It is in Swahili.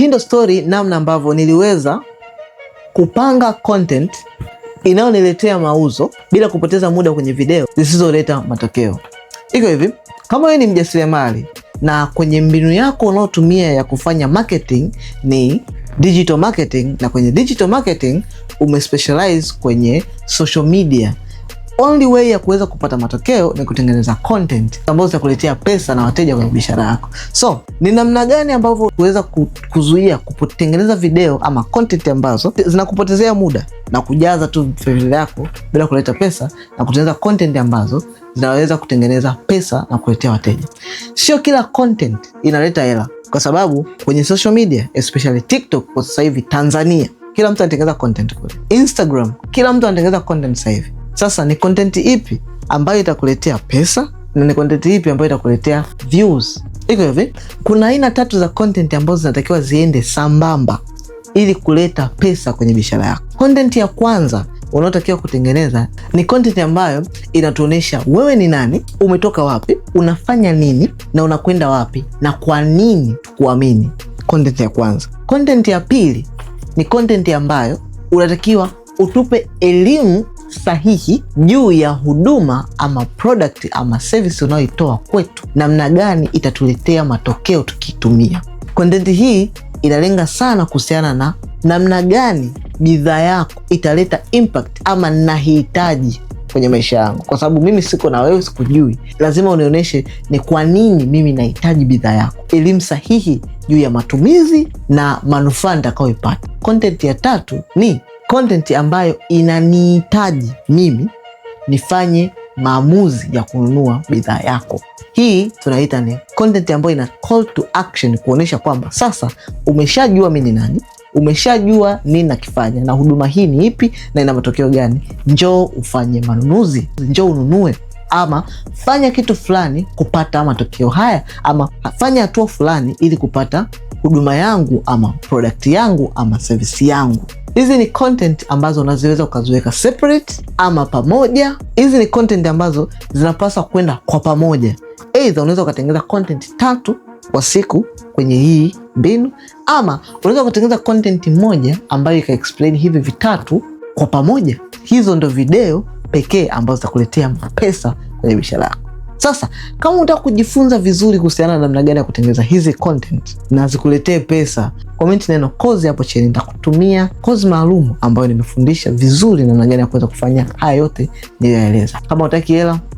Hii ndo story namna ambavyo niliweza kupanga content inayoniletea mauzo bila kupoteza muda kwenye video zisizoleta matokeo. Iko hivi, kama wewe ni mjasiriamali na kwenye mbinu yako unaotumia ya kufanya marketing ni digital marketing, na kwenye digital marketing umespecialize kwenye social media only way ya kuweza kupata matokeo ni kutengeneza content ambazo zitakuletea pesa na wateja kwenye biashara yako. So ni namna gani ambavyo kuweza kuzuia kutengeneza video ama content ambazo zinakupotezea muda na kujaza tu vifaa vyako bila kuleta pesa na kutengeneza content ambazo zinaweza kutengeneza pesa na kuletea wateja. Sio kila content inaleta hela, kwa sababu kwenye social media especially TikTok kwa sasa hivi Tanzania kila mtu anatengeneza content kule. Instagram kila mtu anatengeneza content sasa hivi. Sasa ni content ipi ambayo itakuletea pesa na ni content ipi ambayo itakuletea views? Iko hivi, kuna aina tatu za content ambazo zinatakiwa ziende sambamba ili kuleta pesa kwenye biashara yako. Content ya kwanza unaotakiwa kutengeneza ni content ambayo inatuonyesha wewe ni nani, umetoka wapi, unafanya nini na unakwenda wapi na kwa nini tukuamini. Content ya kwanza. Content ya pili ni content ambayo unatakiwa utupe elimu sahihi juu ya huduma ama product ama service unayoitoa kwetu, namna gani itatuletea matokeo tukiitumia. Content hii inalenga sana kuhusiana na namna gani bidhaa yako italeta impact ama nahitaji kwenye maisha yangu, kwa sababu mimi siko na wewe, sikujui. Lazima unionyeshe ni kwa nini mimi nahitaji bidhaa yako. Elimu sahihi juu ya matumizi na manufaa nitakayoipata. Content ya tatu ni content ambayo inanihitaji mimi nifanye maamuzi ya kununua bidhaa yako. Hii tunaita ni content ambayo ina call to action, kuonyesha kwamba sasa umeshajua mi ni nani, umeshajua nini nakifanya na huduma hii ni ipi na ina matokeo gani. Njoo ufanye manunuzi, njoo ununue ama fanya kitu fulani kupata matokeo haya, ama fanya hatua fulani ili kupata huduma yangu ama product yangu ama service yangu. Hizi ni content ambazo unaziweza ukaziweka separate ama pamoja. Hizi ni content ambazo zinapaswa kwenda kwa pamoja. Aidha, unaweza ukatengeneza content tatu kwa siku kwenye hii mbinu, ama unaweza ukatengeneza content moja ambayo ika explain hivi vitatu kwa pamoja. Hizo ndo video pekee ambazo zitakuletea pesa kwenye biashara yako. Sasa kama unataka kujifunza vizuri kuhusiana na namna gani ya kutengeneza hizi content na zikuletee pesa, komenti neno kozi hapo chini, nitakutumia kozi maalum ambayo nimefundisha vizuri namna gani ya kuweza kufanya haya yote niliyoeleza. Kama utaki hela